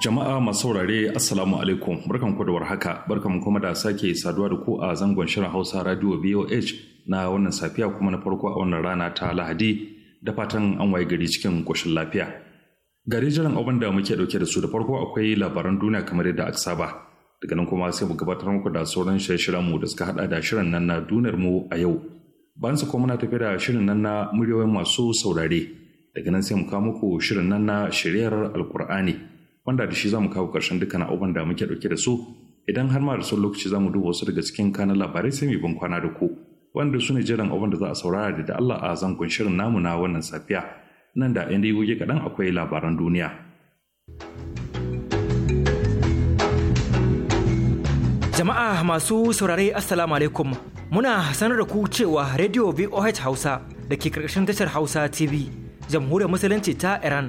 Jama'a masu saurare Assalamu alaikum barkan ku da warhaka barkan kuma da sake saduwa da ku a zangon shirin Hausa Radio BOH na wannan safiya kuma na farko a wannan rana ta Lahadi da fatan an waye gari cikin koshin lafiya. Gari jiran abin da muke dauke da su da farko akwai labaran duniya kamar yadda aka saba. Daga nan kuma sai mu gabatar muku da sauran shirye-shiryen mu da suka hada da shirin nan na duniyar mu a yau. Bayan su kuma na tafi da shirin nan na muryoyin masu saurare. Daga nan sai mu kawo muku shirin nan na shiryar Alkur'ani. wanda da shi za mu kawo ƙarshen dukkan abubuwan da muke ɗauke da su idan har ma da son lokaci za mu duba wasu daga cikin kanan labarai sai mu bin kwana da ku wanda su ne jiran abubuwan da za a saurara da Allah a zangon shirin namu na wannan safiya nan da inda goge kadan akwai labaran duniya. Jama'a masu saurare Assalamu alaikum muna sanar da ku cewa Radio VOH Hausa da ke karkashin tashar Hausa TV jamhuriyar musulunci ta Iran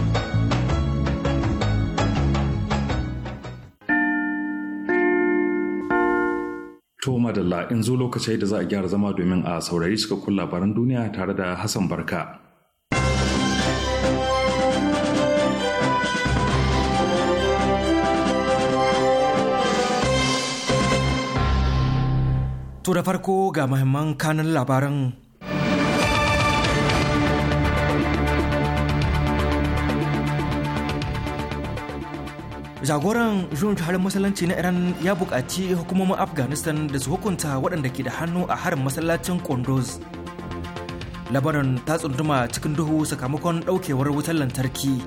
To madalla in zo lokacin da za a gyara zama domin a saurari cikakkun labaran duniya tare da Hassan Barka. To da farko ga mahimman kanan labaran jagoran juyin harin masallaci na iran ya buƙaci hukumomin afghanistan da su hukunta waɗanda ke da hannu a harin masallacin kondoz labaran ta tsunduma cikin duhu sakamakon ɗaukewar wutar lantarki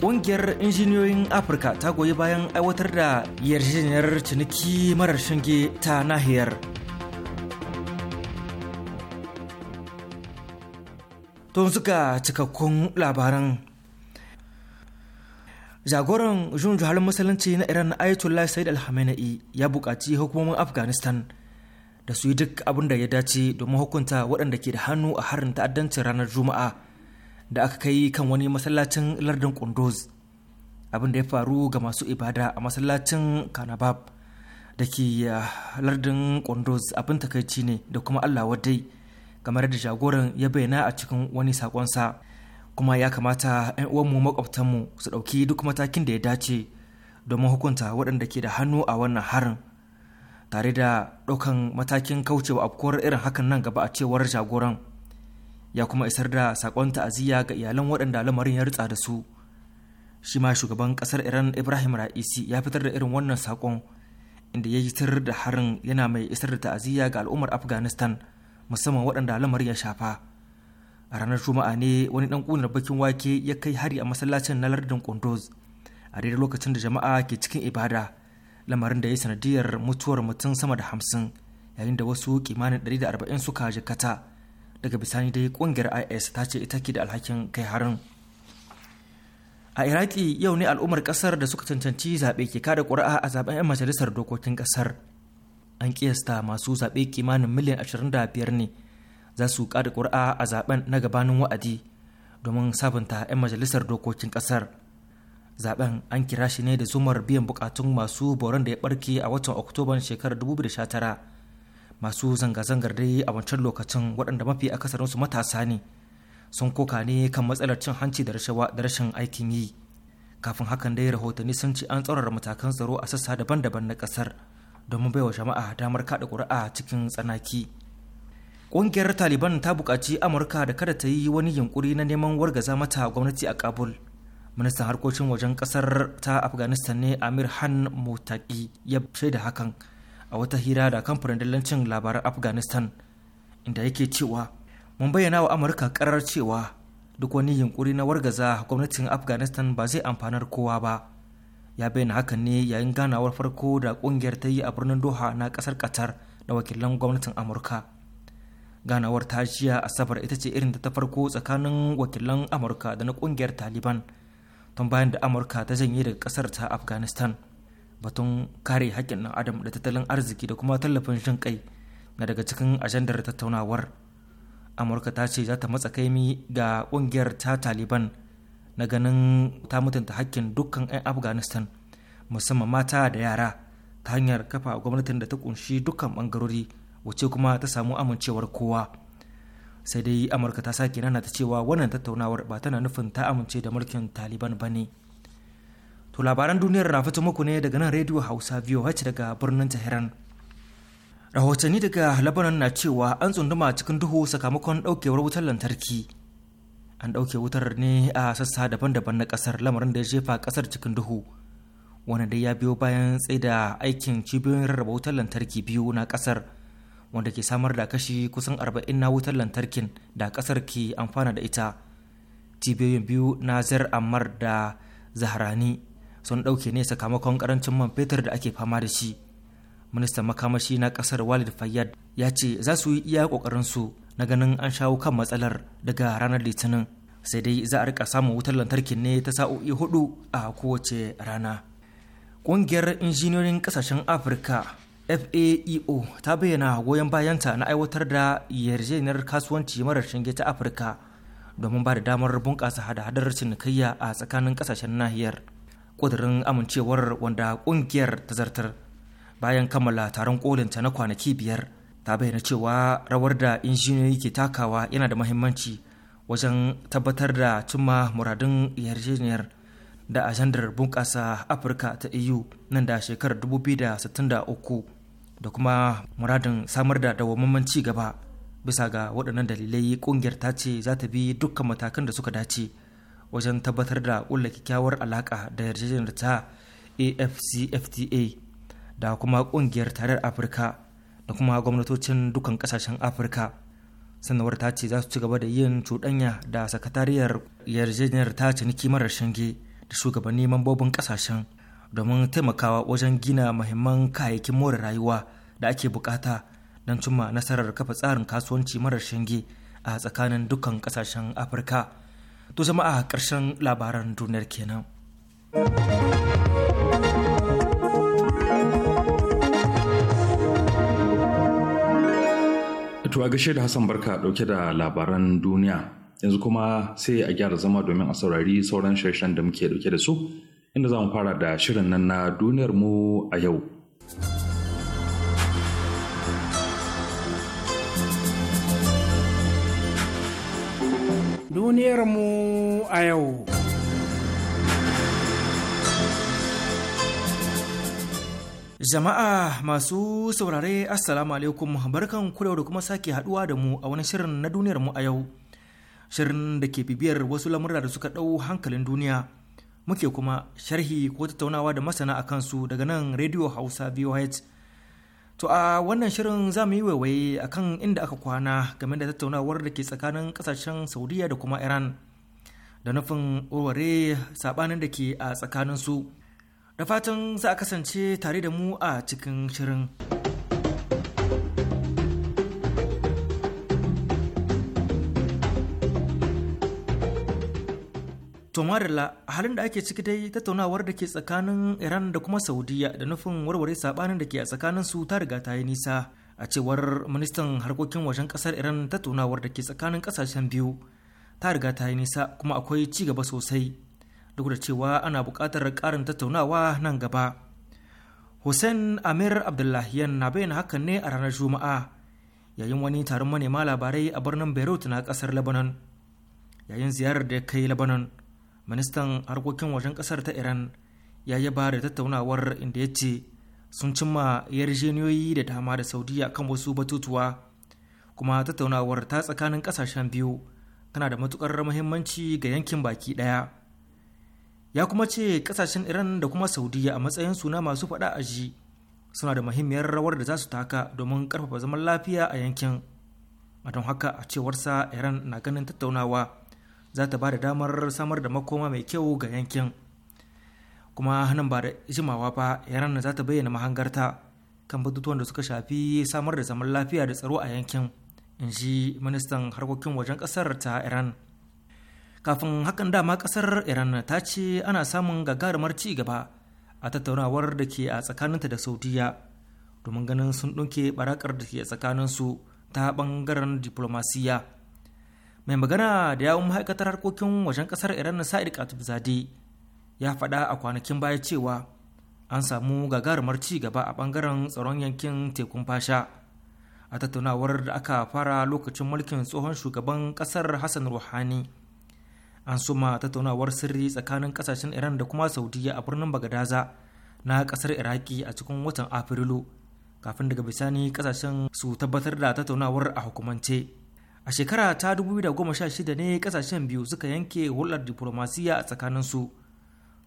ƙungiyar injiniyoyin afirka ta goyi bayan aiwatar da yarjejeniyar ciniki marar shinge ta nahiyar Tun suka cikakkun labaran jagoran jun juhalin musulunci na iran ayatollah said al ya bukaci hukumomin afghanistan da su yi duk abin da ya dace domin hukunta waɗanda ke da hannu a harin ta'addancin ranar juma'a da aka kai kan wani masallacin lardin kunduz abin da ya faru ga masu ibada a masallacin kanabab da ke lardin kunduz abin takaici ne da kuma allah wadai kamar da jagoran ya bayyana a cikin wani sakonsa kuma ya kamata 'yan uwanmu makwabtanmu su ɗauki duk matakin da ya dace domin hukunta waɗanda ke da hannu a wannan harin tare da ɗaukan matakin kaucewa afkuwar irin hakan nan gaba a cewar jagoran ya kuma isar da saƙon ta'aziyya ga iyalan waɗanda lamarin ya ritsa da su shi ma shugaban ƙasar iran ibrahim ra'isi ya fitar da irin wannan saƙon inda ya yi da harin yana mai isar da ta'aziyya ga al'ummar afghanistan musamman waɗanda lamarin ya shafa a ranar juma'a ne wani dan kunar bakin wake ya kai hari a masallacin na lardin kondoz a daidai lokacin da jama'a ke cikin ibada lamarin da ya sanadiyar mutuwar mutum sama da hamsin yayin da wasu kimanin da arba'in suka jikata daga bisani dai kungiyar is ta ce ita ke da alhakin kai harin a iraki yau ne al'ummar kasar da suka cancanci zaɓe ke kada ƙuri'a a zaben 'yan majalisar dokokin kasar an kiyasta masu zaɓe kimanin miliyan 25 ne za su kada ƙuri'a a zaben na gabanin wa'adi domin sabunta 'yan majalisar dokokin ƙasar zaben an kira shi ne da zumar biyan bukatun masu boron da ya barke a watan oktoban shekarar 2019 masu zanga-zangar dai a wancan lokacin waɗanda mafi akasarinsu matasa ne sun koka ne kan matsalar cin hanci da rashawa da rashin aikin yi kafin hakan dai rahotanni sun ce an tsaurara matakan tsaro a sassa daban-daban na ƙasar domin baiwa jama'a damar kaɗa ƙuri'a cikin tsanaki Ƙungiyar Taliban ta buƙaci Amurka da kada ta yi wani yunkuri na neman wargaza mata gwamnati a Kabul. Ministan harkokin wajen ƙasar ta Afghanistan ne Amir Han Mutaki ya shaida hakan a wata hira da kamfanin dillancin labaran Afghanistan inda yake cewa mun bayyana wa Amurka ƙarar cewa duk wani yunkuri na wargaza gwamnatin Afghanistan ba zai amfanar kowa ba. Ya bayyana hakan ne yayin ganawar farko da ƙungiyar ta yi a birnin Doha na ƙasar Qatar da wakilan gwamnatin Amurka. ganawar ta jiya asabar ita ce irin da ta farko tsakanin wakilan amurka da na kungiyar taliban tun bayan da amurka ta janye daga kasar ta afghanistan batun kare haƙƙin ɗan adam da tattalin arziki da kuma tallafin jin kai na daga cikin ajandar tattaunawar amurka ta ce za ta matsa kaimi ga kungiyar ta taliban na ganin ta mutunta haƙƙin dukkan 'yan afghanistan musamman mata da yara ta hanyar kafa gwamnatin da ta kunshi dukkan bangarori wace kuma ta samu amincewar kowa sai dai amurka ta sake nana ta cewa wannan tattaunawar ba tana nufin ta amince da mulkin taliban ba ne to labaran duniyar na fito muku ne daga nan rediyo hausa voh daga birnin tehran rahotanni daga Labaran na cewa an tsunduma cikin duhu sakamakon daukewar wutar lantarki an dauke wutar ne a sassa daban-daban na kasar lamarin da ya jefa kasar cikin duhu wanda dai ya biyo bayan tsaida aikin cibiyoyin rarraba wutar lantarki biyu na kasar wanda ke samar da kashi kusan arba'in na wutar lantarkin da kasar ke amfana da ita cibiyoyin biyu na zar amar da zaharani sun ɗauke ne sakamakon karancin man fetur da ake fama da shi ministan makamashi na kasar walid fayyad ya ce za su yi iya su na ganin an shawo kan matsalar daga ranar litinin sai dai za a rika samun wutar lantarkin ne ta sa'o'i hudu a kowace rana ƙungiyar injiniyoyin ƙasashen afirka faeo ta bayyana goyon bayanta na aiwatar da yarjejeniyar kasuwanci marar shinge ta afirka domin ba da damar bunƙasa hada-hadar cinikayya a tsakanin ƙasashen nahiyar ƙudurin amincewar wanda ƙungiyar ta zartar bayan kammala taron kolinta na kwanaki biyar ta bayyana cewa rawar da injiniyoyi ke takawa yana da mahimmanci wajen tabbatar da cimma muradun yarjejeniyar da ajandar bunƙasa afirka ta eu nan da shekarar 2063 da kuma muradin samar da dawwammamen ci gaba bisa ga waɗannan dalilai ƙungiyar ta ce za ta bi dukkan matakan da suka dace wajen tabbatar da ƙulla kyakkyawar alaƙa da yarjejeniyar ta afcfta da kuma ƙungiyar tarayyar afirka da kuma gwamnatocin dukkan ƙasashen afirka sanarwar ta ce za su ci gaba da yin cuɗanya da sakatariyar yarjejeniyar ta ciniki marar shinge da shugabanni mambobin ƙasashen domin taimakawa wajen gina mahimman kayayyakin more rayuwa da ake bukata don cimma nasarar kafa tsarin kasuwanci marar shinge a tsakanin dukkan kasashen afirka to zama a ƙarshen labaran duniyar kenan. To a gashe da Hassan Barka dauke da labaran duniya yanzu kuma sai a gyara zama domin a saurari sauran shirshen da muke dauke da su inda za mu fara da shirin nan na duniyar mu a yau. Duniyar mu a yau. Jama'a masu saurare Assalamu alaikum barkan kurewa da kuma sake haduwa da mu a wani shirin na duniyar mu a yau. Shirin da ke bibiyar wasu lamurra da suka ɗau hankalin duniya. muke kuma sharhi ko tattaunawa da masana a kansu daga nan Radio Hausa VOH. To a wannan shirin za mu yi waiwaye a kan inda aka kwana game da tattaunawar da ke tsakanin kasashen Saudiya da kuma Iran da nufin warware saɓanin da ke a tsakaninsu. Da fatan za a kasance tare da mu a cikin shirin. To a halin da ake ciki dai tattaunawar da ke tsakanin Iran da kuma Saudiya da nufin warware sabanin da ke a tsakanin su ta riga ta yi nisa. A cewar ministan harkokin wajen kasar Iran tattaunawar da ke tsakanin kasashen biyu ta riga ta yi nisa kuma akwai ci gaba sosai. Duk da cewa ana buƙatar karin tattaunawa nan gaba. Hussein Amir Abdullahiyan na bayyana hakan ne a ranar Juma'a yayin wani taron manema labarai a birnin Beirut na kasar Lebanon. Yayin ziyarar da ya kai Lebanon, ministan harkokin wajen kasar ta iran ya yi ba da tattaunawar inda ya ce sun cimma yarjeniyoyi da dama da saudiya kan wasu batutuwa kuma tattaunawar ta tsakanin kasashen biyu tana da matukar muhimmanci ga yankin baki daya ya kuma ce kasashen iran da kuma saudiya a matsayin suna masu faɗa a ji suna da muhimmiyar rawar da za su taka domin karfafa zaman lafiya a yankin a don haka a cewarsa iran na ganin tattaunawa za ta ba da damar samar da makoma mai kyau ga yankin kuma nan ba da jimawa ba iran za ta bayyana mahangarta kan batutuwan da suka shafi samar da zaman lafiya da tsaro a yankin in ji ministan harkokin wajen kasar ta iran kafin hakan dama kasar iran ta ce ana samun gagarumar ci gaba a tattaunawar da ke a tsakaninta da saudiya domin ganin sun ɗauke barakar da ke tsakaninsu ta ɓangaren diplomasiya mai magana da yawun ma'aikatar harkokin wajen kasar iran na sa'id katibzade ya faɗa a kwanakin baya cewa an samu gagarumar ci gaba a ɓangaren tsaron yankin tekun fasha a tattaunawar da aka fara lokacin mulkin tsohon shugaban kasar hassan ruhani an suma tattaunawar sirri tsakanin kasashen iran da kuma saudiya a birnin bagadaza na kasar iraki a cikin watan afrilu kafin daga bisani kasashen su tabbatar da tattaunawar a hukumance a shekara ta 2016 ne kasashen biyu suka yanke hulɗar diplomasiya a tsakaninsu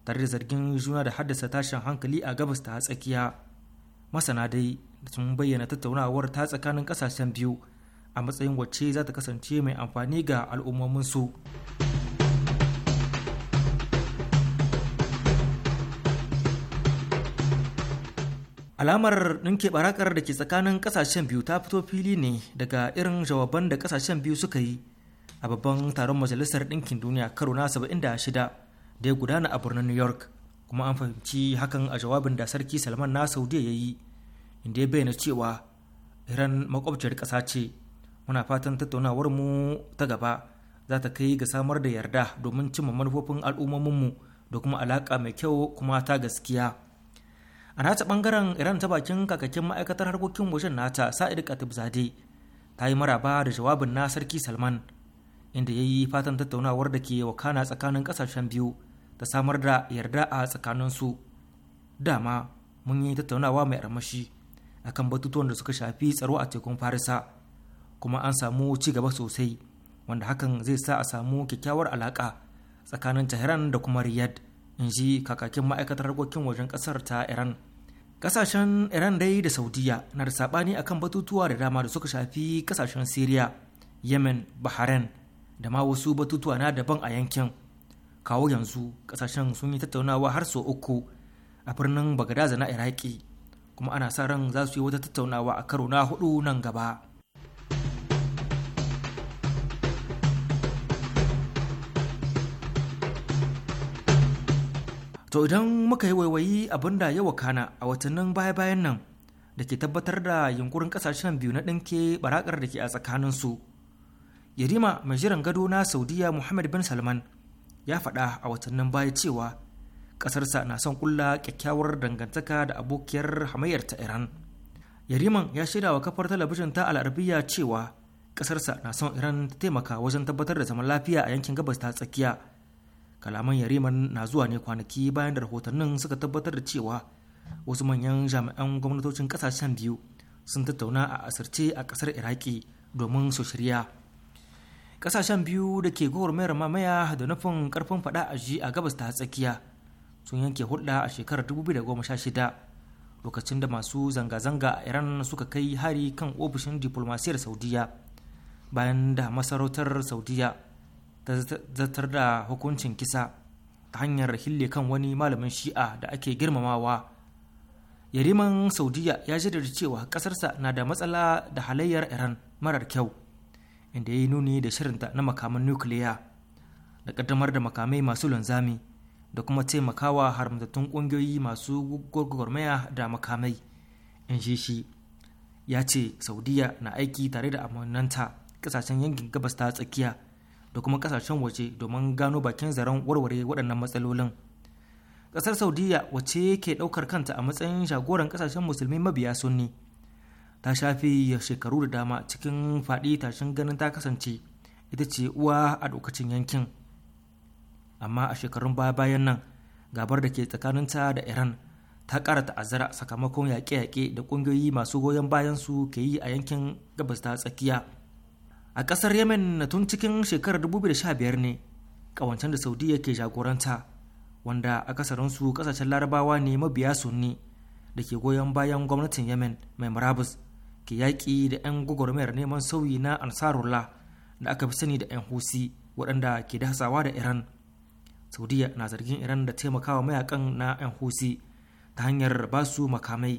tare da zargin juna da haddasa tashin hankali a gabas ta tsakiya masana dai da sun bayyana tattaunawar ta tsakanin kasashen biyu a matsayin wacce za ta kasance mai amfani ga al'ummominsu. su alamar ninke barakar da ke tsakanin kasashen biyu ta fito fili ne daga irin jawaban da kasashen biyu suka yi a babban taron majalisar ɗinkin duniya karo na 76 da ya gudana a birnin new york kuma an fahimci hakan a jawabin da sarki salman na saudiya ya yi inda ya bayyana cewa iran makwabciyar ƙasa ce muna fatan tattaunawar mu ta gaba za ta kai ga samar da yarda domin cimma manufofin al'ummominmu da kuma alaƙa mai kyau kuma ta gaskiya a nata bangaren iran ta bakin kakakin ma'aikatar harkokin wajen nata sa'id katib zade ta yi maraba da jawabin na sarki salman inda ya yi fatan tattaunawar da ke wakana tsakanin kasashen biyu ta samar da yarda a tsakanin su dama mun yi tattaunawa mai armashi akan batutuwan da suka shafi tsaro a tekun farisa kuma an samu ci gaba sosai wanda hakan zai sa a samu kyakkyawar alaka tsakanin tehran da kuma riyadh in ji kakakin ma'aikatar harkokin wajen ƙasar ta iran ƙasashen iran dai da saudiya na da sabani kan batutuwa da dama da suka shafi ƙasashen syria yemen bahrain da ma wasu batutuwa na daban a yankin kawo yanzu ƙasashen sun yi tattaunawa har sau uku a birnin bagadaza na iraki kuma ana sa ran za su yi wata tattaunawa a karo na hudu nan gaba to idan muka yi waiwayi abin da ya wakana a watannin baya-bayan nan da ke tabbatar da yunkurin kasashen biyu na ɗinke barakar da ke a tsakaninsu yarima mai jiran gado na saudiya muhammad bin salman ya faɗa a watannin baya cewa ƙasarsa na son kulla kyakkyawar dangantaka da abokiyar hamayyar ta iran yariman ya shaida wa kafar talabijin ta al'arabiya cewa ƙasarsa na son iran ta taimaka wajen tabbatar da zaman lafiya a yankin gabas ta tsakiya kalaman yariman na zuwa ne kwanaki bayan da rahotannin suka tabbatar da cewa wasu manyan jami'an gwamnatocin kasashen biyu sun tattauna a asirce a kasar iraki domin su shirya kasashen biyu da ke gwagwarmayar mamaya da nufin karfin fada a ji a gabas ta tsakiya sun yanke hulɗa a shekarar 2016 lokacin da masu zanga-zanga a iran suka kai hari kan ofishin diplomasiyar saudiya bayan da masarautar saudiya ta zartar da hukuncin kisa ta hanyar hille kan wani malamin shi'a da ake girmamawa yariman saudiya ya jaddada cewa ƙasarsa na da matsala da halayyar iran marar kyau inda ya yi nuni da shirinta na makaman nukiliya da ƙaddamar da makamai masu linzami da kuma taimakawa haramtattun ƙungiyoyi masu gwagwarmaya da makamai in shi shi ya ce saudiya na aiki tare da amannanta ƙasashen yankin gabas ta tsakiya da kuma kasashen waje domin gano bakin zaren warware waɗannan matsalolin ƙasar saudiya wace ke ɗaukar kanta a matsayin shagoran ƙasashen musulmi mabiya sunni ta shafi shekaru da dama cikin faɗi tashin ganin ta kasance ita ce uwa a lokacin yankin amma a shekarun baya bayan nan gabar da ke tsakaninta da iran ta ƙara ta'azzara sakamakon yaƙe-yaƙe da ƙungiyoyi masu goyon bayan su ke yi a yankin gabas ta tsakiya a ƙasar yemen tun cikin shekarar 2015 ne ƙawancen da saudiya ke jagoranta wanda akasarinsu ƙasashen larabawa ne mabiya sunni da ke goyon bayan gwamnatin yemen mai murabus ke yaƙi da 'yan gwagwarmayar neman sauyi na ansarullah da aka fi sani da 'yan husi waɗanda ke dasawa da iran saudiya na zargin iran da taimakawa mayakan na 'yan husi ta hanyar ba su makamai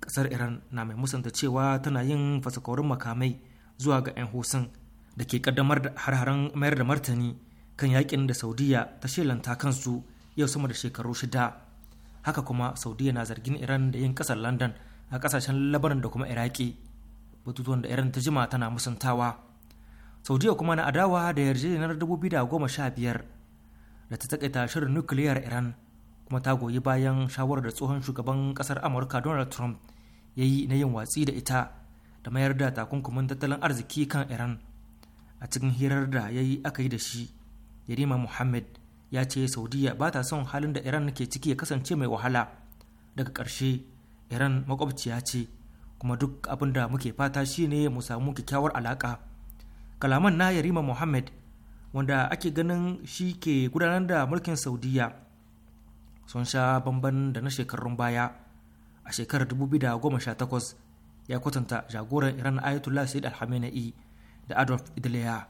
ƙasar iran na mai musanta cewa tana yin fasakorin makamai zuwa ga 'yan hosin da ke kaddamar da harharen mayar da martani kan yakin da saudiya ta shelanta kansu yau sama da shekaru shida haka kuma saudiya na zargin iran da yin kasar london a kasashen labaran da kuma iraki batutuwan da iran ta jima tana musantawa saudiya kuma na adawa da yarjejeniyar 2015 da ta takaita shirin nukiliyar iran kuma ta goyi bayan shawarar da tsohon shugaban kasar amurka donald trump ya yi na yin watsi da ita da mayar da takunkumin tattalin arziki kan iran a cikin hirar da ya yi aka yi da shi yarima muhammad ya ce saudiya ba ta son halin da iran ke ciki ya kasance mai wahala daga ƙarshe iran makwabciya ce kuma duk abin da muke fata shi ne mu samu kyakkyawar alaƙa kalaman na yarima muhammad wanda ake ganin shi ke gudanar da mulkin saudiya sun sha bamban da na shekarun baya a shekarar 2018 ya kwatanta jagoran iran ayatollah sayyid al-hamenei da adolf idliya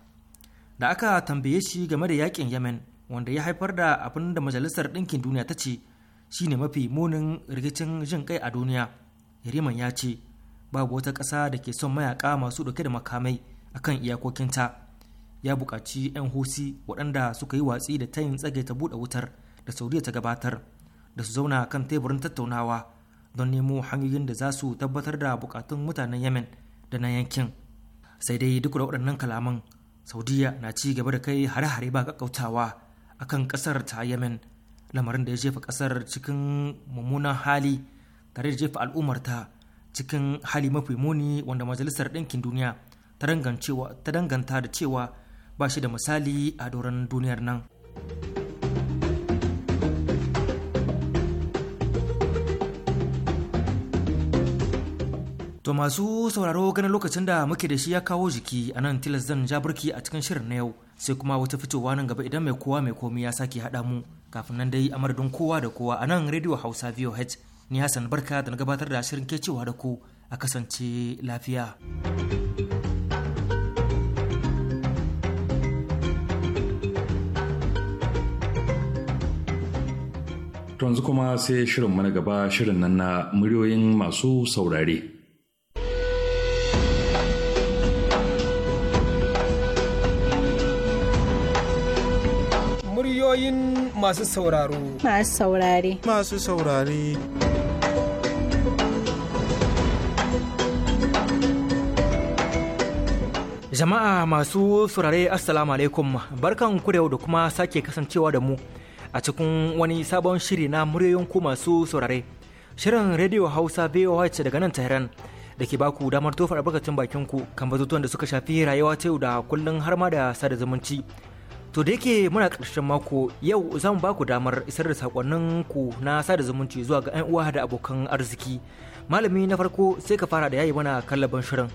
da aka tambaye shi game da yakin yemen wanda ya haifar da abin da majalisar ɗinkin duniya ta ce shi ne mafi munin rikicin jin kai a duniya Yariman ya ce babu wata ƙasa da ke son mayaka masu ɗauke da makamai akan iyakokinta ya buƙaci 'yan hosi waɗanda suka yi watsi da tayin tsage ta buɗe wutar da saudiya ta gabatar da su zauna kan teburin tattaunawa don nemo hanyoyin da za su tabbatar da bukatun mutanen yemen da na yankin sai dai duk da waɗannan kalaman saudiya na ci gaba da kai hare-hare ba kakkautawa a kan ƙasar ta yemen lamarin da ya jefa ƙasar cikin mummunan hali tare da jefa al'ummarta cikin hali mafi muni wanda majalisar ɗinkin duniya ta danganta da cewa ba shi da misali a doron duniyar nan. To masu sauraro ganin lokacin da muke da shi ya kawo jiki a nan tilas zan ja birki a cikin shirin na yau sai kuma wata fitowa nan gaba idan mai kowa mai komi ya sake haɗa mu kafin nan dai a kowa da kowa a nan rediyo hausa voh ni hassan barka da na gabatar da shirin cewa da ku a kasance lafiya. To yanzu kuma sai shirin mana gaba shirin nan na muryoyin masu saurare. Ra'ayoyin masu sauraro. Masu saurare. Masu saurare. Jama'a masu saurare Assalamu alaikum barkan ku da da kuma sake kasancewa da mu a cikin wani sabon shiri na muryoyin ku masu saurare. Shirin Radio Hausa VOH daga nan Tehran da ke baku damar tofar albarkacin bakin ku kan batutuwan da suka shafi rayuwa ta yau da kullun har ma da sada zumunci. To da yake muna ƙarshen mako yau za mu ba ku damar isar da sakonnin ku na sada zumunci zuwa ga 'yan uwa da abokan arziki. Malami na farko sai ka fara da yayi mana kallaban shirin.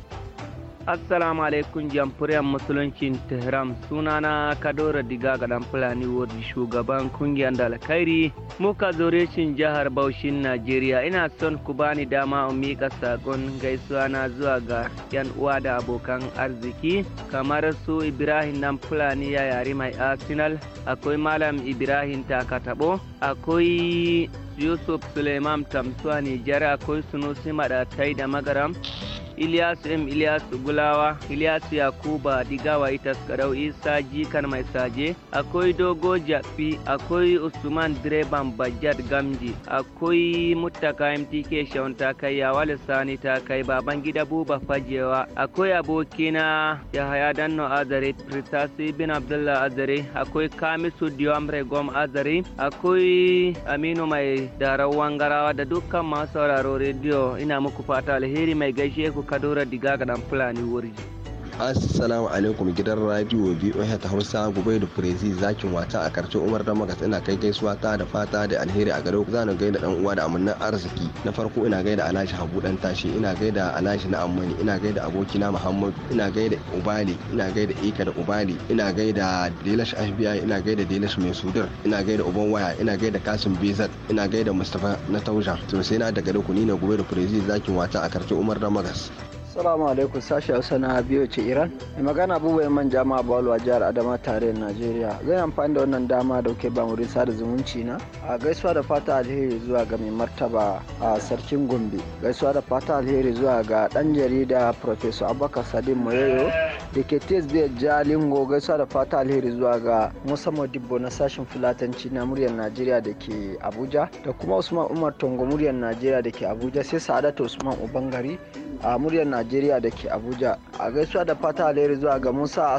Assalamu alaikum jamhuriyar musuluncin Tehran sunana Kadora Diga ga dan Fulani wadda shugaban kungiyar Alkairi. muka zore shin jihar Baushin Najeriya ina son ku bani dama in mika sakon gaisuwa na zuwa ga yan uwa da abokan arziki kamar su Ibrahim dan Fulani ya yari mai Arsenal akwai Malam Ibrahim Takatabo akwai Yusuf Suleiman Tamsuwa Nijar akwai Sunusi maɗatai da Magaram Ilyasu M. Ilyasu Gulawa, Ilyasu Yakuba Digawa Itas Isa Jikan Mai Saje, akwai Dogo Jafi, akwai Usman Direban Bajad Gamji, akwai Muttaka MTK Shawun Takaiya Wale Sani Takai Baban Gida Buba Fajewa, akwai abokina Yahaya Danno Azare, Pritasi Bin Abdullah Azare, akwai Kamisu Diwamre Gom Azare, akwai Aminu Mai Darawan Garawa da dukkan masu sauraro rediyo ina muku fata alheri mai gaishe ku kadora diga ga dan fulani wuri assalamu alaikum gidan radio voh ta hausa gubai da furezi zakin wata a karshe umar da magas ina kai gaisuwa ta da fata da alheri a gare ku zanu gaida dan uwa da amannin arziki na farko ina gaida alhaji habu dan tashi ina gaida alhaji na ammani ina gaida abokina muhammadu ina gaida ubali ina gaida ika da ubali ina gaida delash fbi ina gaida delash mai sudur ina gaida uban waya ina gaida kasim bezat ina gaida mustapha na tausha to sai na daga ku ni ne gobe da furezi zakin wata a karshe umar da magas Salamu alaikum sashi Hausa na biyu ce Iran. Mai magana abubuwan manja ma a jihar Adama tare da Najeriya. Zan amfani da wannan dama da kuke bamu wurin da zumunci na. A gaisuwa da fata alheri zuwa ga mai martaba a sarkin Gombe. Gaisuwa da fata alheri zuwa ga dan jarida Professor Abubakar sadin Moyoyo da ke Tesbiyar Jalingo. Gaisuwa da fata alheri zuwa ga Musa Modibo na sashen Fulatanci na muryar Najeriya da ke Abuja da kuma Usman Umar Tongo muryar Najeriya da ke Abuja sai Sa'adatu Usman Ubangari a muryar Najeriya Najeriya da ke Abuja. A gaisuwa da fata alheri zuwa ga Musa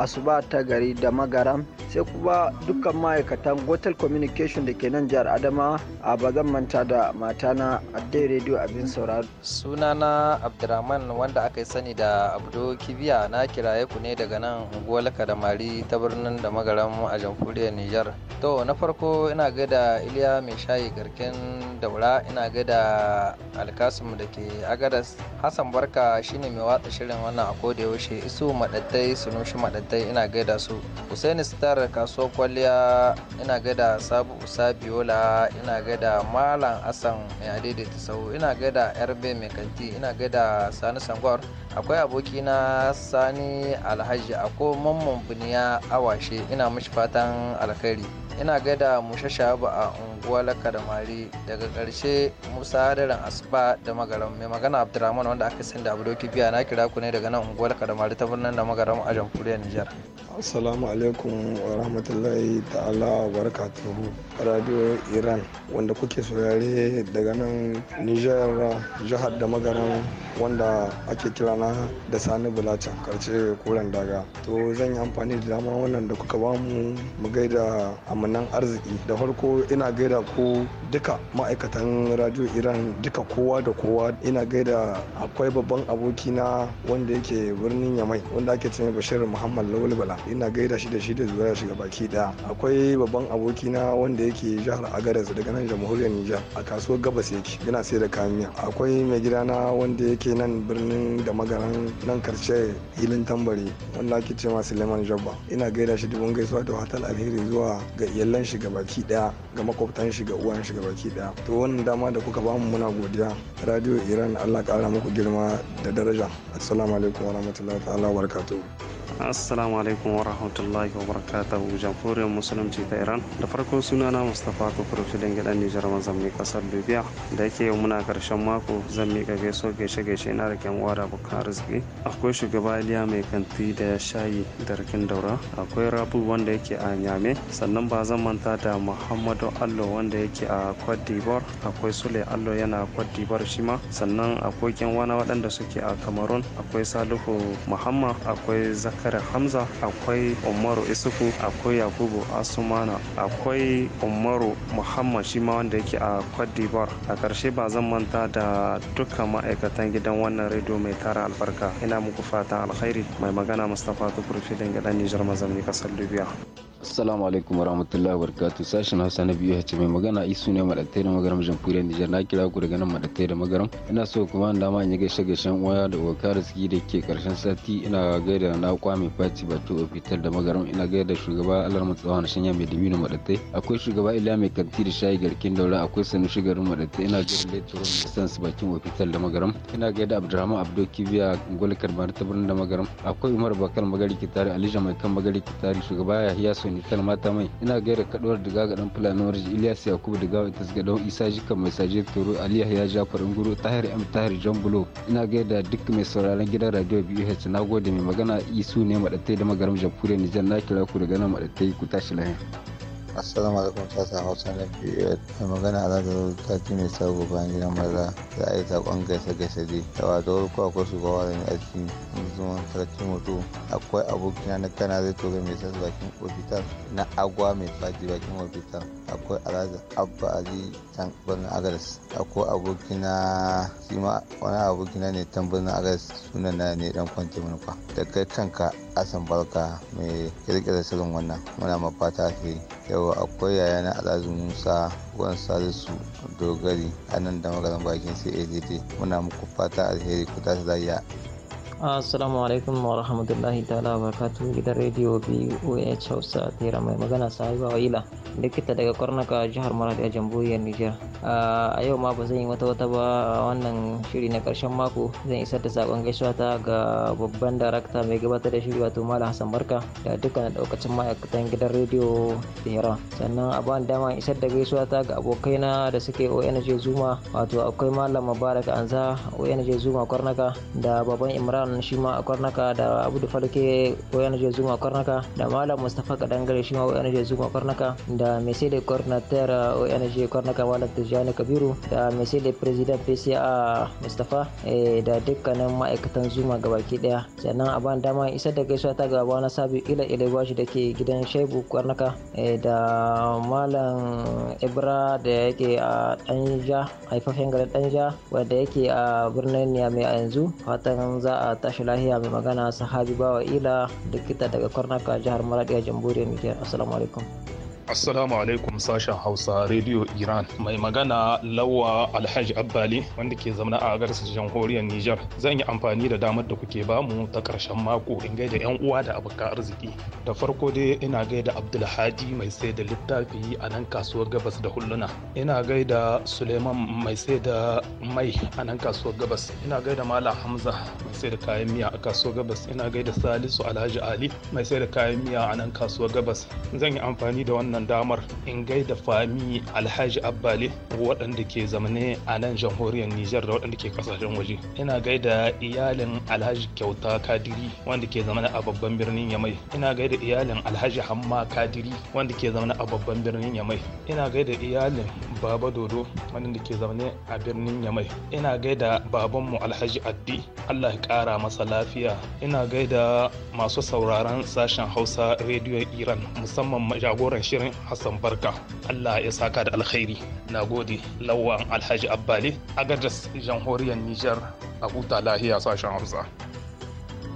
Asuba ta gari da Magaram sai kuma dukkan ma'aikatan Gotel Communication da ke nan jihar adama a bazan manta da matana adai Radio abin sauraro. Sunana Abdurrahman wanda aka yi sani da Abdo Kibiya na kiraye ku ne daga nan unguwar mari ta birnin da Magaram a jamhuriyar Nijar. To na farko ina gada Iliya mai shayi garken daura ina da Alkasum da ke Agadas Hassan Barka haka shine mai watsa shirin wannan a koda yaushe isu madaddai nushi madaddai ina gaida su Hussaini Star kasuwar kwalliya ina gaida Sabu Usa Biola ina gaida Malam Asan mai adaidaita sau ina gaida Yarbe mai kanti ina gaida Sani Sangwar akwai abokina Sani Alhaji akwai Mamman Buniya Awashe ina mashi fatan alkhairi ina gaida musha shaba a unguwa laka da mari daga karshe musa hadarin asuba da magaram mai magana abdurrahman wanda aka sani da abudoki biya na kira ku ne daga nan unguwa laka da mari ta birnin da magaram a jamhuriyar nijar assalamu alaikum wa rahmatullahi ta'ala wa barakatuhu radio iran wanda kuke saurare daga nan nijar jihar da magaram wanda ake kira na da sani bulacan karshe kuren daga to zan yi amfani da dama wannan da kuka bamu mu gaida a wannan arziki da farko ina gaida ku duka ma'aikatan radio iran duka kowa da kowa ina gaida akwai babban abokina wanda yake birnin yamai wanda ake cewa bashir muhammad lawal bala ina gaida shi da shi da zuwa shiga baki daya akwai babban abokina wanda yake jihar agadas daga nan jamhuriyar nijar a kasuwar gabas yake yana sai da kayan miya akwai mai gidana wanda yake nan birnin da magaran nan karshe hilin tambari wanda ake cewa suleiman jabba ina gaida shi da gaisuwa da hatal alheri zuwa ga yallan shi ga baki daya ga makwabtan shi ga uwan shi ga baki daya to wannan dama da kuka bamu muna godiya radio iran allah kara muku girma da daraja assalamu alaikum warahmatullahi ta'ala wabarakatuh assalamu alaikum wa rahmatullahi wa barakatuhu jamhuriyar musulunci ta iran da farko sunana mustapha kufur filin gidan nijar mazamni kasar libya da yake yau muna karshen mako zan mika gaiso gaishe gaishe na rikin uwa da arziki akwai shugaba iliya mai kanti da shayi da rikin daura akwai rabu wanda yake a nyame sannan ba zan manta da muhammadu allo wanda yake a cote d'ivoire akwai sule allo yana cote d'ivoire shi ma sannan akwai kyanwana waɗanda suke a cameroon akwai salihu muhammad akwai zakar bakarar hamza akwai umaru isuku akwai yakubu asumana akwai umaru muhammad shi ma wanda yake a cote d'ivoire a karshe ba zan manta da dukkan ma'aikatan gidan wannan rediyo mai tara albarka ina muku fatan alkhairi mai magana mustapha tukur filin gidan nijar mazamni kasar libya Assalamu alaikum warahmatullahi wabarakatuh sashen Hausa na biyu hace mai magana isu ne madatai da magaram jamhuriyar Nijar na kira ku daga nan madatai da magaram ina so kuma da ma in yi gaishe gaishen uwa da wakar ski da ke karshen sati ina gaida na kwame faci bato ofitar da magaram ina gaida shugaba alar matsawa na shanya mai dimino madatai akwai shugaba ila mai kanti da shayi garkin daura akwai sanu shigarin madatai ina gaida letron distance bakin ofitar da magaram ina gaida abdurrahman abdo kibiya gwalkar karbar ta birnin da magaram akwai umar bakar magari kitari alija mai kan magari kitari shugaba yahiya kanitar mata mai ina gaira kaduwar diga ga dan fulani warji ilyas yakubu diga wata ga dan isa jika mai saje toro ali yahya jafar inguru tahir m tahir jan bulo ina gaida duk mai sauraron gidan radio bh na gode mai magana isu ne madatai da magaram jamhuriyar nijar na kira ku daga nan madatai ku tashi lahiya assalamu alaikum sasa hausa na pf da magana a zaga ta ci mai sabu bayan gidan maza za a yi saƙon gaisa gaisa dai da ba da warko akwai shugaba ba wani aiki zuwan sarki mutu akwai abokina na kana zai tura mai sassa bakin ofital na agwa mai faji bakin ofital akwai alhaji abba ali can birnin agadas akwai abokina shi ma wani abokina ne can birnin agadas sunan na ne dan kwanci manufa da kai kanka asan barka mai kirkira shirin wannan muna mafata ke yau akwai yayana alhaji musa ruwan salisu dogari a nan da magaran bakin cadt muna muku fata alheri ku tashi lafiya Assalamu alaikum wa rahmatullahi ta'ala wa barakatu gidan rediyo BOH Hausa tera mai magana sahiba waila likita daga kwarnaka jihar Maradi a jamhuriyar Nijar. A yau ma ba zan yi wata wata ba a wannan shiri na karshen mako zan isar da sakon gaisuwa ta ga babban darakta mai gabatar da shiri wato Malam Hassan Barka da dukkan daukacin ma'aikatan gidan rediyo tera. Sannan a ban dama isar da gaisuwa ta ga abokaina da suke ONG Zuma wato akwai Malam Mubarak Anza ONG Zuma kwarnaka da baban Imran Lawan shi ma a Kwarnaka da Abudu Falke ONG Zuma a Kwarnaka da Malam Mustapha Kadangare shi ma ONG Zuma a Kwarnaka da mai sai da coordinator ONG Kwarnaka Malam Tijani Kabiru da mai sai da president PCA Mustapha eh, da dukkanin ma'aikatan Zuma gabaki daya. Sannan a ban dama isa da gaisuwa ta gaba na Sabi Ila Ilebashi da ke gidan Shaibu Kwarnaka eh, da Malam Ibra da yake a Danja haifafen garin Danja wanda yake a birnin Niamey a yanzu fatan za a tashi lahiya mai magana sahabi bawa ila likita daga kwarnaka jihar maradiya jamhuriyar nijar assalamu alaikum Assalamu alaikum sashen Hausa Radio Iran. Mai magana Lawa Alhaji Abbali wanda ke zama a garsar horiyar Nijar. Zan yi amfani da damar da kuke bamu ta karshen mako in gaida yan uwa da abokan arziki. Da farko dai ina gaida Abdulhadi mai sai da littafi a nan kasuwar Gabas da Hulluna. Ina gaida Suleiman mai sai da mai a nan kasuwar Gabas. Ina gaida Malam Hamza mai sai da kayan miya a kasuwar Gabas. Ina gaida Salisu Alhaji Ali mai sai da kayan miya a nan kasuwar Gabas. Zan yi amfani da wannan wannan damar in gaida fami alhaji abbali waɗanda ke zamane a nan jamhuriyar nijar da waɗanda ke kasashen waje ina gaida iyalin alhaji kyauta kadiri wanda ke zamane a babban birnin yamai ina gaida iyalin alhaji hamma kadiri wanda ke zamane a babban birnin yamai ina gaida iyalin baba dodo wanda ke zamane a birnin yamai ina gaida babanmu alhaji addi allah ya kara masa lafiya ina gaida masu sauraron sashen hausa rediyon iran musamman jagoran shirin Hassan Barka. Allah ya saka da alkhairi. Na gode lauwan Alhaji Abbali agadas jamhuriyar Nijar abuta huta lahiya sashen Hausa.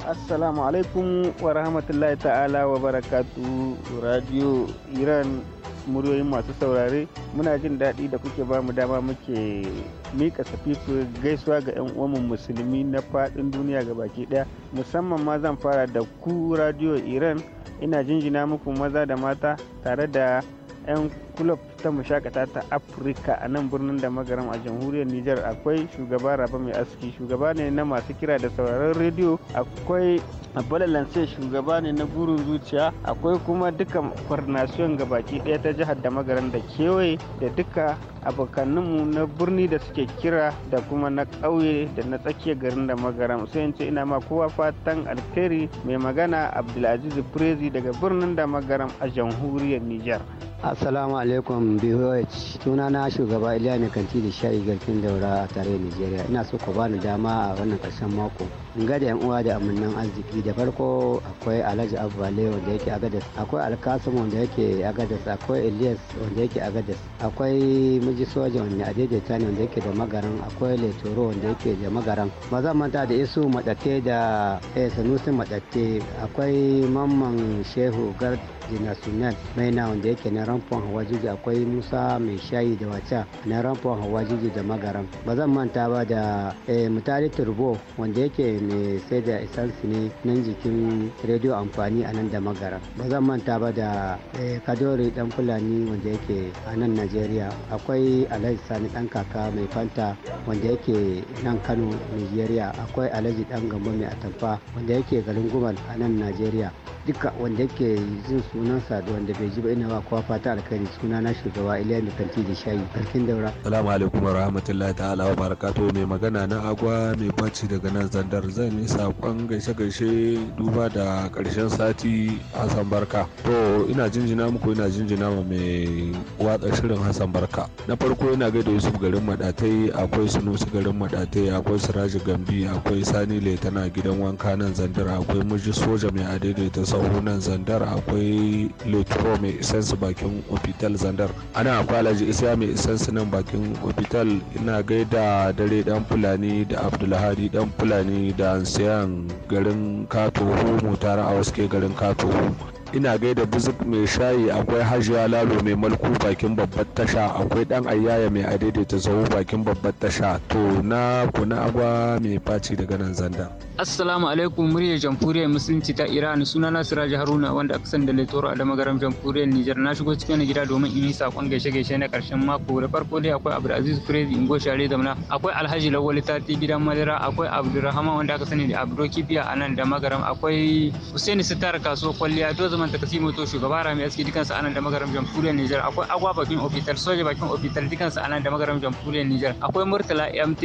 Assalamu alaikum wa rahmatullahi ta'ala wa barakatu Radio Iran muryoyin masu saurare muna jin daɗi da kuke ba mu dama muke mika safifu gaisuwa ga 'yan uwanmu musulmi na faɗin duniya ga baki ɗaya musamman ma zan fara da ku radio iran ina jinjina muku maza da mata tare da 'yan club ta mashakata ta afirka a nan birnin da magaram a jamhuriyar nijar akwai shugaba raba mai aski shugaba ne na masu kira da sauraron rediyo akwai abbala lance shugaba ne na burin zuciya akwai kuma duka kwarnasiyon gabaki daya ta jihar da magaran da kewaye da duka abokanninmu na birni da suke kira da kuma na ƙauye da na tsakiyar garin da magaram sai ce ina ma kowa fatan alkhairi mai magana abdulaziz prezi daga birnin da magaram a jamhuriyar nijar assalamu alaikum BOH. Suna na shugaba Iliya mai kanti da sha'i garkin daura a tare nigeria Ina so ku bani dama a wannan karshen mako. In ga da yan uwa da amannan arziki da farko akwai Alhaji Abu Bale wanda yake Agadas. Akwai Alkasim wanda yake Agadas. Akwai elias wanda yake Agadas. Akwai Miji Soja wanda a daidaita ne wanda yake da magaran. Akwai Letoro wanda yake da magaran. Ba zan manta da Isu Madatte da eh, Sanusi Madatte. Akwai Mamman Shehu Gard Jinasunan Maina wanda yake na Ramfon Hawaji jiji akwai musa mai shayi da wata na ramfon hawa jiji da magaram ba zan manta ba da eh, mutane turbo wanda yake mai sai da isansu ne nan jikin rediyo amfani a nan da magaram ba zan manta ba da eh, kadori dan fulani wanda yake a nan najeriya akwai alhaji sani dan kaka mai fanta wanda yake nan kano nigeria akwai alhaji dan gambo mai atamfa wanda yake garin gumal a nan najeriya duka wanda yake jin sunansa da wanda bai ji ba ina ba kowa fata alkhairi suna na shugaba Iliya kanti da shayi karkin daura. Salamu alaikum wa rahmatullahi ta'ala wa barakatuhu mai magana na agwa mai bacci daga nan zandar zan yi saƙon gaishe-gaishe duba da ƙarshen sati Hassan Barka. To ina jinjina muku ina jinjina ma mai watsa shirin Hassan Barka. Na farko ina gaida Yusuf garin Madatai akwai Sunusi garin Madatai akwai Siraji Gambi akwai Sani tana gidan wanka nan zandar akwai Muji Soja mai adaidaita sahunan zandar akwai lotro mai isansu bakin ofital zandar ana falaji isa mai isansu nan bakin ofital ina gaida dare dan fulani da abdulhadi dan fulani da ansiyan garin katohu mutara a wasu garin katohu ina gaida buzuk mai shayi akwai hajiya lalo mai malku bakin babbar tasha akwai dan ayyaya mai adaidaita zaho bakin babbar tasha to na kuna agwa mai faci daga nan zanda assalamu alaikum muryar jamhuriyar musulunci ta iran suna na siraji haruna wanda aka san da letoro a damagaran jamhuriyar nijar na shigo cikin gida domin in yi saƙon gaishe gaishe na ƙarshen mako da farko dai akwai abdulaziz crazy ingo share zamna akwai alhaji lawali tati gidan madara akwai abdulrahman wanda aka sani da abdo a nan damagaran akwai hussein sitar kasuwa kwalliya to Mamman Takasimu to shugaba Rami Aski sa anan da magaram jamhuriyar Nijar akwai Agwa bakin ofitar soja bakin ofitar sa anan da magaram jamhuriyar Niger akwai Murtala MT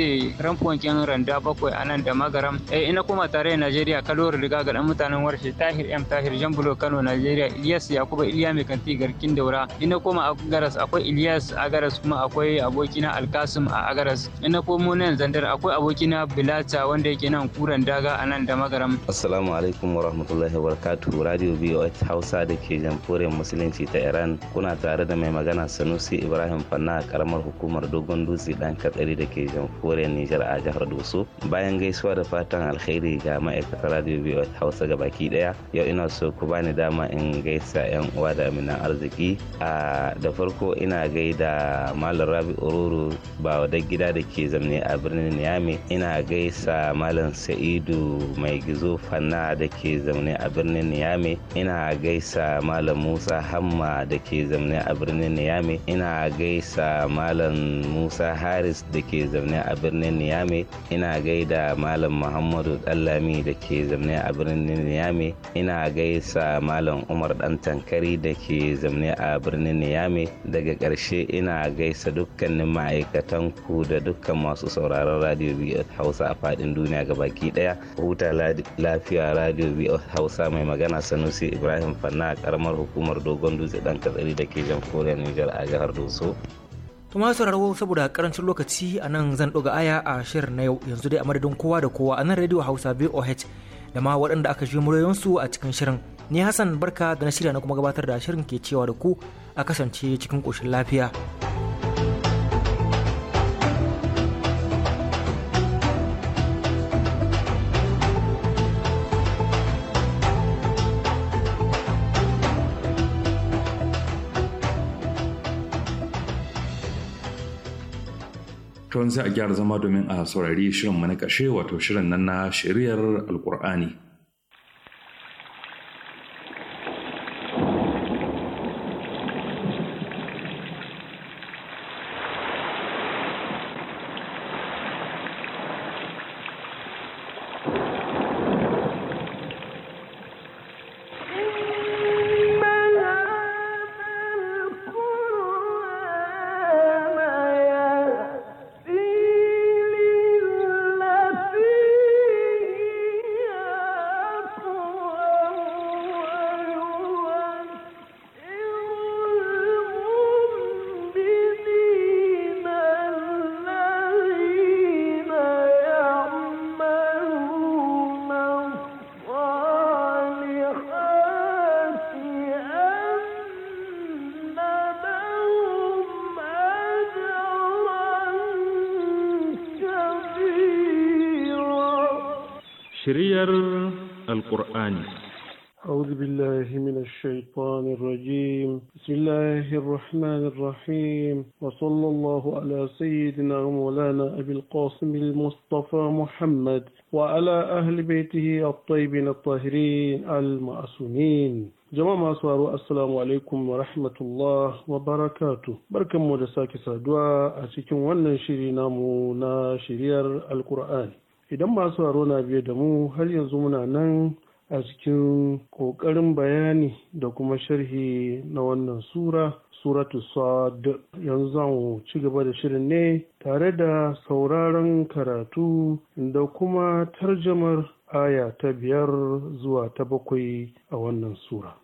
kin randa bakwai anan da magaram eh ina kuma tare Nigeria Kalor riga ga dan mutanen warshe Tahir M Tahir Jambulo Kano Najeriya Ilyas Yakuba Iliya mai kanti garkin daura ina kuma Agaras akwai Ilyas Agaras kuma akwai abokina Alkasim a Agaras ina komo nan Zandar akwai abokina Bilata wanda yake nan kuran daga anan da magaram assalamu alaikum wa rahmatullahi wa barakatuh radio BOA hausa da ke jamhuriyar musulunci ta iran kuna tare da mai magana sanusi ibrahim fanna a karamar hukumar dogon dutse dan katsari da ke jamhuriyar nijar a jihar doso bayan gaisuwa da fatan alkhairi ga ma'aikatar radio biyu hausa ga baki daya yau ina so ku bani dama in gaisa yan uwa da amina arziki a da farko ina gaida malam rabi ururu ba da gida da ke zamne a birnin niamey ina gaisa malam sa'idu mai gizo fanna da ke zaune a birnin niyami ina gaisa malam musa hamma da ke zamne a birnin niyame ina gaisa malam musa haris da ke zamne a birnin niyame ina gaida malam muhammadu dallami da ke zamne a birnin niyame ina gaisa malam umar dan tankari da ke zamne a birnin niyame daga karshe ina gaisa dukkanin ma'aikatan ku da dukkan masu sauraron radio biyu hausa a faɗin duniya ga baki ɗaya huta lafiya radio biyu hausa mai magana sanusi ibrahim ibrahim fanna a karamar hukumar dogon dutse dan katsari da ke jamhuriyar nijar a jihar doso kuma sauraro saboda karancin lokaci a nan zan ɗoga aya a shirin na yau yanzu dai a madadin kowa da kowa a nan radio hausa boh da ma waɗanda aka shi muryoyinsu a cikin shirin ni hassan barka da na shirya na kuma gabatar da shirin ke cewa da ku a kasance cikin koshin lafiya. ta a gyara zama domin a saurari shirin na kashe wato shirin nan na shiriyar alkur'ani الله على سيدنا مولانا أبي القاسم المصطفى محمد وعلى أهل بيته الطيبين الطاهرين المعصومين jama'a masu waro assalamu alaikum wa rahmatullah wa barakatu barkanmu da sake saduwa a cikin wannan shiri namu na shiriyar alkur'ani idan masu waro na biye da mu har yanzu muna nan a cikin ƙoƙarin bayani da kuma sharhi na wannan sura suratu sad yanzu za ci gaba da shirin ne tare da sauraron karatu da kuma tarjamar aya ta biyar zuwa ta bakwai a wannan sura.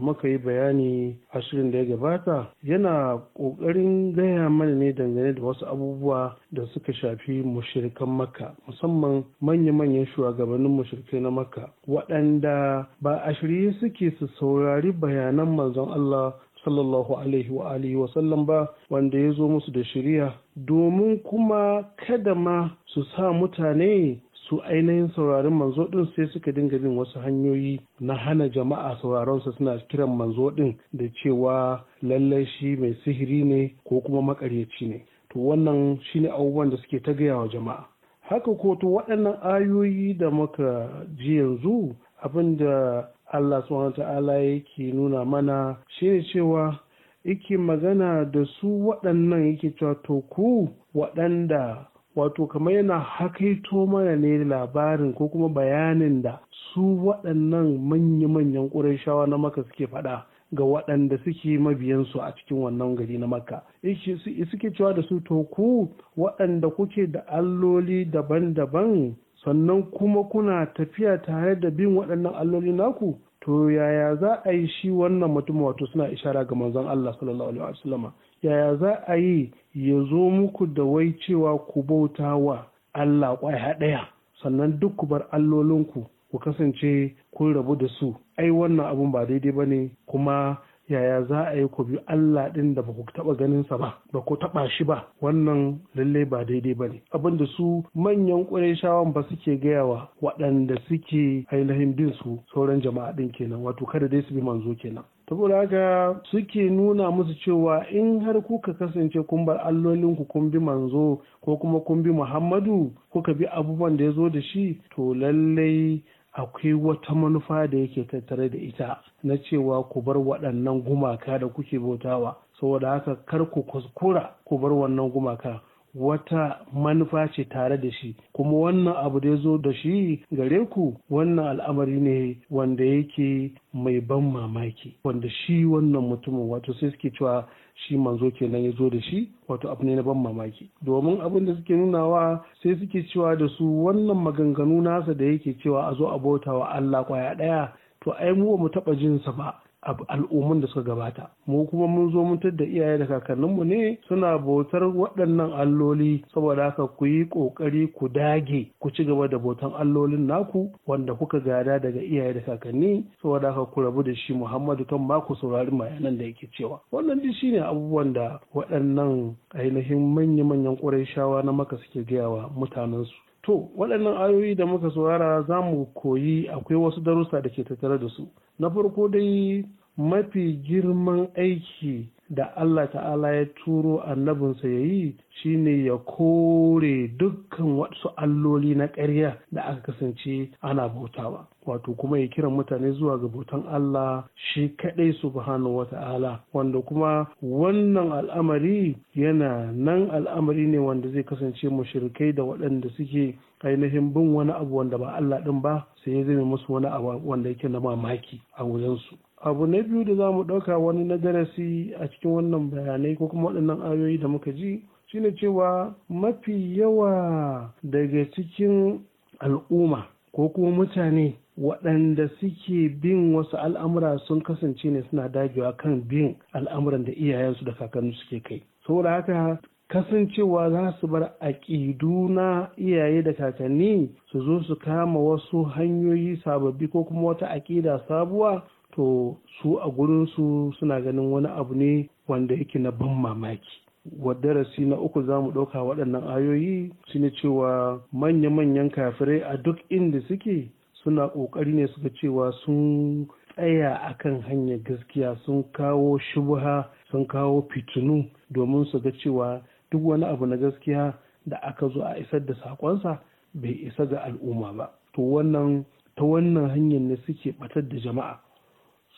muka yi bayani a shirin da ya gabata yana ƙoƙarin gaya mana ne dangane da wasu abubuwa da suka shafi mushirikan makka musamman manya-manyan shugabannin mushirikai na makka waɗanda ba a shirye suke su saurari bayanan manzon Allah sallallahu alaihi wa alihi wa sallam ba wanda ya zo musu da shirya domin kuma kada ma su sa mutane su ainihin saurarin manzo din sai suka dinga bin wasu hanyoyi na hana jama'a sauraron sauraronsa suna kiran manzo din da cewa lallai shi mai sihiri ne ko kuma makaryaci ne to wannan shine abubuwan da suke ta gaya wa jama'a haka ko to waɗannan ayoyi da muka ji yanzu abinda Allah subhanahu ta'ala yake nuna mana shine cewa yake magana da su waɗannan yake cewa to ku waɗanda wato kamar yana hakaito mana ne labarin ko kuma bayanin da su waɗannan manya-manyan ƙurashawa na maka suke faɗa ga waɗanda suke mabiyansu a cikin wannan gari na makka suke cewa da su to ku waɗanda kuke da alloli daban-daban sannan kuma kuna tafiya tare da bin waɗannan alloli naku to yaya za a yi shi wannan mutum wato suna ishara ga manzon Allah sallallahu alaihi yaya za a yi ya zo muku da wai cewa ku bauta wa Allah ƙwaya ɗaya sannan duk ku bar allolinku ku kasance kun rabu da su ai wannan abun ba daidai ba ne kuma yaya za a yi ku bi Allah ɗin da ba ku taɓa ganinsa ba ba ku taɓa shi ba wannan lallai ba daidai ba ne abin da su manyan ƙurayshawan ba suke gayawa waɗanda suke ainihin bin su sauran jama'a ɗin kenan wato kada dai su bi manzo kenan saboda haka suke nuna musu cewa in har kuka kasance kun bar allolinku kun bi manzo ko kuma kun bi muhammadu kuka bi abubuwan da ya zo da shi to lallai akwai wata manufa da yake tattare da ita na cewa ku bar waɗannan gumaka da kuke bautawa saboda haka kar ku kuskura ku bar wannan gumaka wata manufa ce tare da shi kuma wannan abu da ya zo da shi gare ku wannan al'amari ne wanda yake mai ban mamaki wanda shi wannan mutumin wato sai suke cewa shi manzo kenan ya zo da shi wato abu ne na ban mamaki domin abin da suke nunawa sai suke cewa da su wannan maganganu nasa da yake cewa a zo a bautawa Allah kwaya ɗaya to ai mu ba mu taɓa jinsa ba al'ummun da suka gabata mu kuma mun zo mun da iyaye da kakanninmu ne suna bautar waɗannan alloli saboda haka ku yi ƙoƙari ku dage ku ci gaba da bautan allolin naku wanda kuka gada daga iyaye da kakanni saboda haka ku rabu da shi muhammadu kan ma ku saurari mayanan da yake cewa wannan duk shine abubuwan da waɗannan ainihin manya-manyan ƙurai shawa na maka suke gaya wa mutanensu To, waɗannan ayoyi da muka saurara za mu koyi akwai wasu darussa da ke tattare da su. Na farko dai mafi girman aiki da Allah ta'ala ya turo annabinsa ya yi shi ne ya kore dukkan wasu alloli na ƙarya da aka kasance ana bautawa. wato kuma ya kira mutane zuwa ga bautan Allah shi kadai subhanahu wa ta'ala, wanda kuma wannan al'amari yana nan al'amari ne wanda zai kasance mushirkai da waɗanda suke ainihin bin wani abu wanda ba Allah din ba sai ya zame musu wani abu wanda yake na mamaki a wajensu. abu na biyu da za mu ɗauka wani na darasi a cikin wannan bayanai ko kuma waɗannan ayoyi da muka ji shine cewa mafi yawa daga cikin al'umma ko kuma mutane waɗanda suke bin wasu al'amura sun kasance ne suna dagewa kan bin al'amuran da iyayensu da kakanni suke kai saboda haka kasancewa za su bar aƙidu na iyaye da kakanni su zo su kama wasu hanyoyi sababbi ko kuma wata aƙida sabuwa to su a gurinsu suna ganin wani abu ne wanda yake na ban mamaki darasi na uku za mu ɗauka waɗannan ayoyi shine cewa manya-manyan kafirai a duk inda suke suna ƙoƙari ne suka cewa sun tsaya a kan hanyar gaskiya sun kawo shubha sun kawo fitinu domin su ga cewa duk wani abu na gaskiya da aka zo a isar da saƙonsa bai isa ga al'umma ba to wannan ta wannan hanyar ne suke batar da jama'a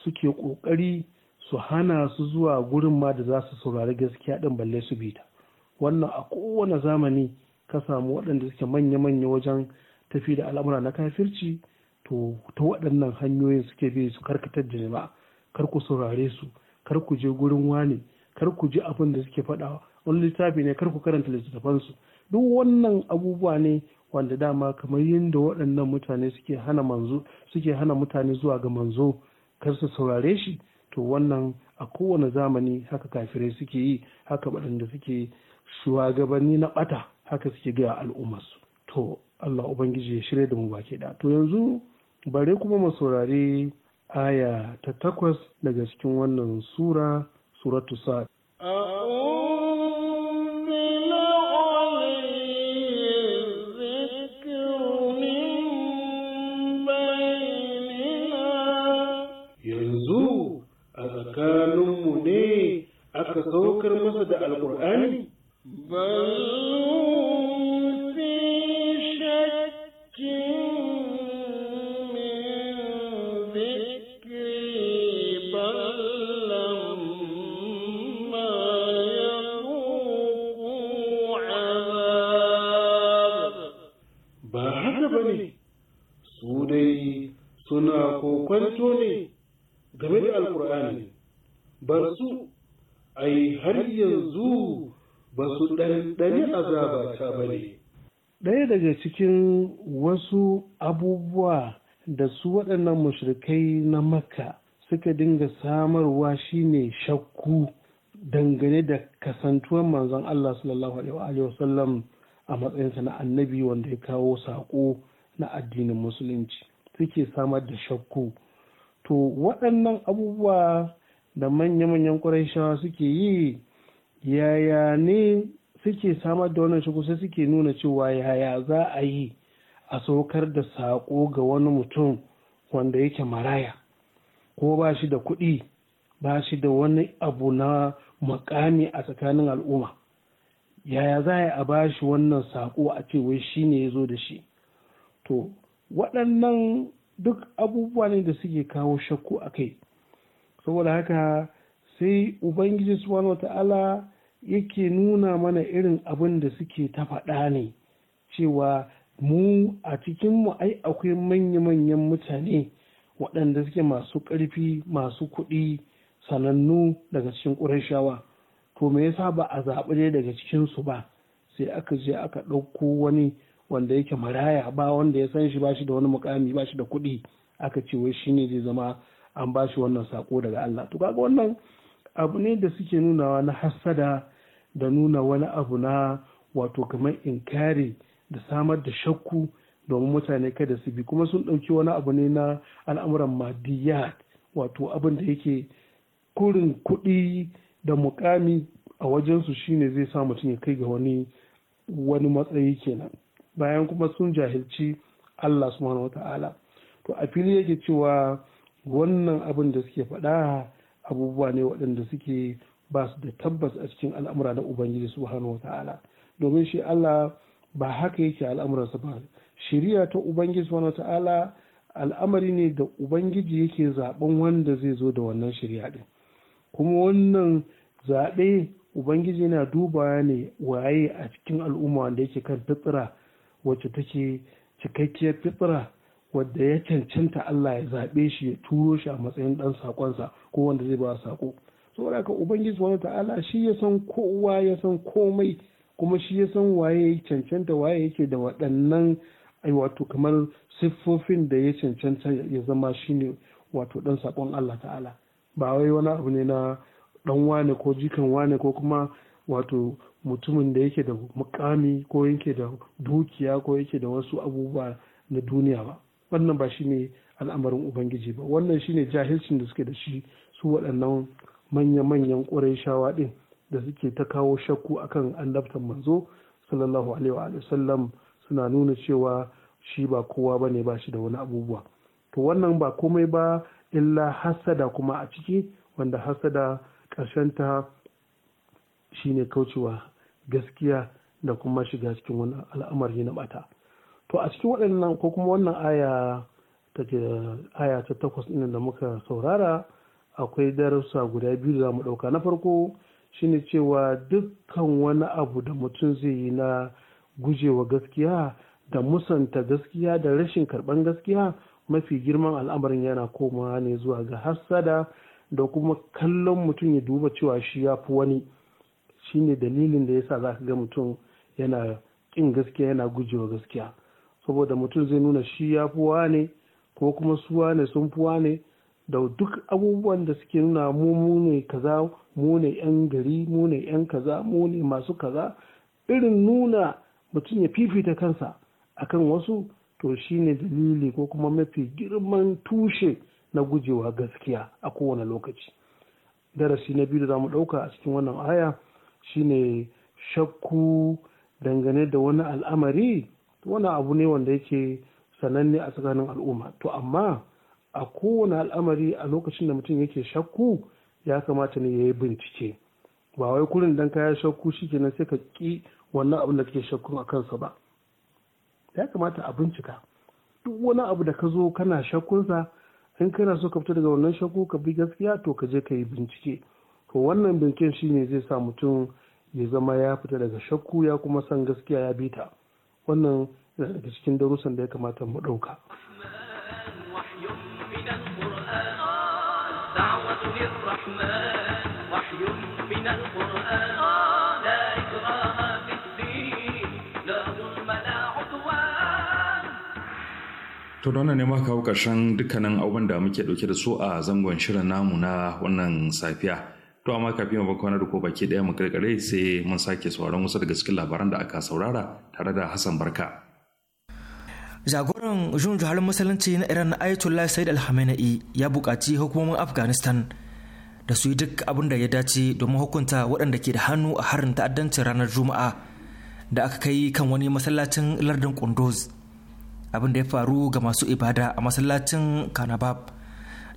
suke ƙoƙari su hana su zuwa gurin ma da za su saurari gaskiya ɗin balle su bi ta wannan a kowane zamani ka samu waɗanda suke manya-manya wajen tafi da al'amura na kafirci to ta waɗannan hanyoyin suke bi su karkatar da jama'a kar ku saurare su kar ku je gurin wani kar ku ji abin da suke faɗawa wani littafi ne kar ku karanta su duk wannan abubuwa ne wanda dama kamar yadda waɗannan mutane suke hana manzo suke hana mutane zuwa ga manzo kar su saurare shi to wannan a kowane zamani haka kafirai suke yi haka waɗanda suke shugabanni na ɓata haka suke ga al'ummarsu to Allah Ubangiji ya shirya da mu baki da to yanzu bare kuma mu saurari aya ta takwas daga cikin wannan sura suratu sa'ad yanzu a tsakaninmu ne aka saukar masa da alkur'ani? mushrikai na makka suka dinga samarwa shine shakku dangane da kasantuwar manzon Allah sallallahu alaihi wasallam a matsayinsa na annabi wanda ya kawo sako na addinin musulunci suke samar da shakku to waɗannan abubuwa da manya-manyan ƙuraishawa suke yi yaya ne suke samar da wannan shakku sai suke nuna cewa yaya za a yi a saukar da sako ga wani mutum wanda yake maraya ko ba shi da kuɗi ba shi da wani abu na makami a tsakanin al'umma yaya za a ba shi wannan saƙo a ce wai shi ne ya zo da shi to waɗannan duk abubuwa ne da suke kawo shakku a kai saboda haka sai ubangiji subhanahu wata'ala yake nuna mana irin abin da suke ta faɗa ne cewa mu a cikinmu ai akwai manya-manyan mutane waɗanda suke masu ƙarfi masu kuɗi sanannu daga cikin ƙurashawa to me yasa ba a zaɓi dai daga cikinsu ba sai aka je aka ɗauko wani wanda yake maraya ba wanda ya san shi ba shi da wani mukami ba shi da kuɗi aka ce wai shi ne zai zama an ba shi wannan sako daga Allah to kaga wannan abu ne da suke nunawa na hassada da nuna wani abu na wato kamar inkari da samar da shakku domin mutane kada su bi kuma sun ɗauki wani abu ne na al'amuran madiyat wato abin da yake kurin kuɗi da mukami a wajensu shine zai sa mutum ya kai ga wani wani matsayi kenan bayan kuma sun jahilci Allah subhanahu wata'ala to a fili yake cewa wannan abin da suke faɗa abubuwa ne waɗanda suke ba su da tabbas a cikin al'amura na ubangiji subhanahu wata'ala domin shi Allah ba haka yake al'amuransa ba shiriya ta ubangiji wa ta'ala al'amari ne da ubangiji yake zaben wanda zai zo da wannan shiriya din kuma wannan zaɓe ubangiji na duba ne waye a cikin al'umma wanda yake kan fitsira wacce take cikakkiyar fitsira wadda ya cancanta Allah ya zaɓe shi ya turo shi a matsayin ɗan saƙonsa ko wanda zai ba saƙo saboda ka ubangiji wani ta'ala shi ya san kowa ya san komai kuma shi ya san waye cancanta waye yake da waɗannan wato kamar siffofin da ya cancanta ya zama shine wato ɗan saƙon Allah ta'ala ba wai wani abu ne na ɗan wane ko jikan wane ko kuma wato mutumin da yake da mukami ko yake da dukiya ko yake da wasu abubuwa na duniya ba wannan ba shine al'amarin ubangiji ba wannan shine jahilcin da suke da shi su waɗannan manya-manyan ƙurai shawa ɗin da suke ta kawo shakku akan annabtan manzo sallallahu alaihi wa sallam suna nuna cewa shi ba kowa bane ba shi da wani abubuwa to wannan ba komai ba illa hasada kuma a ciki wanda hasada ƙarshenta shine kaucewa gaskiya da kuma shiga cikin wani al'amari na bata to a cikin waɗannan ko kuma wannan aya ta aya ta takwas ɗin da muka saurara akwai darussa guda biyu da za mu ɗauka na farko shine cewa dukkan wani abu da mutum zai yi na gujewa gaskiya da musanta gaskiya da rashin karban gaskiya mafi girman al'amarin yana komawa ne zuwa ga hassada da kuma kallon mutum ya duba cewa shi ya fi wani shine dalilin da yasa za ka ga mutum yana ƙin gaskiya yana gujewa gaskiya saboda mutum zai nuna shi ya fi wane ko kuma su wane sun fi wane da duk abubuwan da suke nuna mu ne kaza mu ne 'yan gari mu ne 'yan kaza mu ne masu kaza irin nuna mutum ya fifita kansa akan wasu to shine dalili ko kuma mafi girman tushe na gujewa gaskiya a kowane lokaci darasi na biyu da za mu ɗauka a cikin wannan aya shine shakku dangane da wani al'amari wani abu ne wanda yake sananne a tsakanin al'umma to amma a kowane al'amari a lokacin da mutum yake shakku ya kamata ne ya yi bincike ba wai kurin dan ya shakku shi shikenan sai ka ki wannan abin da kake shakku a kansa ba ya kamata a bincika duk wani abu da ka zo kana shakkunsa in kana so ka fita daga wannan shakku ka bi gaskiya to ka je ka yi bincike to wannan binciken shi ne zai sa mutum ya zama ya fita daga shakku ya kuma san gaskiya ya bi ta wannan yana daga cikin darussan da ya kamata mu ɗauka دعوة للرحمن وحي من القرآن لا إكراه في الدين لا ظلم لا To don ne ma kawo ƙarshen dukkanin abubuwan da muke ɗauke da su a zangon shirin namu na wannan safiya. To amma kafin mu kwana da ko baki ɗaya mu kirkire sai mun sake sauraron wasu daga cikin labaran da aka saurara tare da Hassan Barka. jagoran jun juhalin musulunci na iran ayatollah said al ya bukaci hukumomin afghanistan da su yi duk abin da ya dace domin hukunta waɗanda ke da hannu a harin ta'addancin ranar juma'a da aka kai kan wani masallacin lardin kunduz abin da ya faru ga masu ibada a masallacin kanabab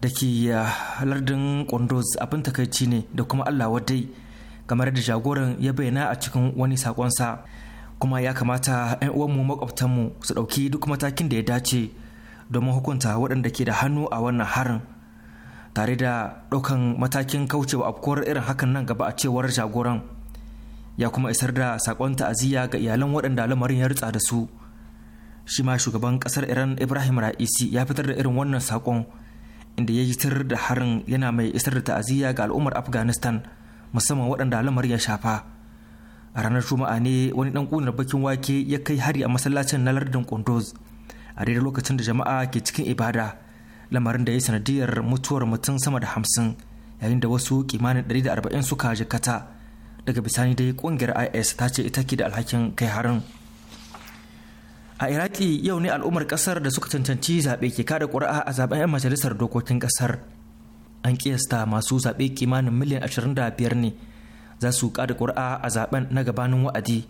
da ke lardin kunduz abin takaici ne da kuma allah wadai kamar da jagoran ya bayyana a cikin wani sa. kuma ya kamata 'yan uwanmu makwabtanmu su ɗauki duk matakin da ya dace domin hukunta waɗanda ke da hannu a wannan harin tare da ɗaukan matakin kaucewa afkuwar irin hakan nan gaba a cewar jagoran ya kuma isar da saƙon ta'aziyya ga iyalan waɗanda lamarin ya rutsa da su shi ma shugaban ƙasar iran ibrahim ra'isi ya fitar da irin wannan saƙon inda ya yitar da harin yana mai isar da ta'aziyya ga al'ummar afghanistan musamman waɗanda lamarin ya shafa a ranar juma'a ne wani dan kunar bakin wake ya kai hari a masallacin na lardin kondoz a daidai lokacin da jama'a ke cikin ibada lamarin da ya sanadiyar mutuwar mutum sama da hamsin yayin da wasu kimanin 140 suka jikata daga bisani dai kungiyar is ta ce ita ke da alhakin kai harin a iraki yau ne al'ummar kasar da suka cancanci zaɓe ke kada ƙuri'a a zaben 'yan majalisar dokokin kasar an kiyasta masu zaɓe kimanin miliyan 25 ne za su kada ƙuri'a a zaben na gabanin wa'adi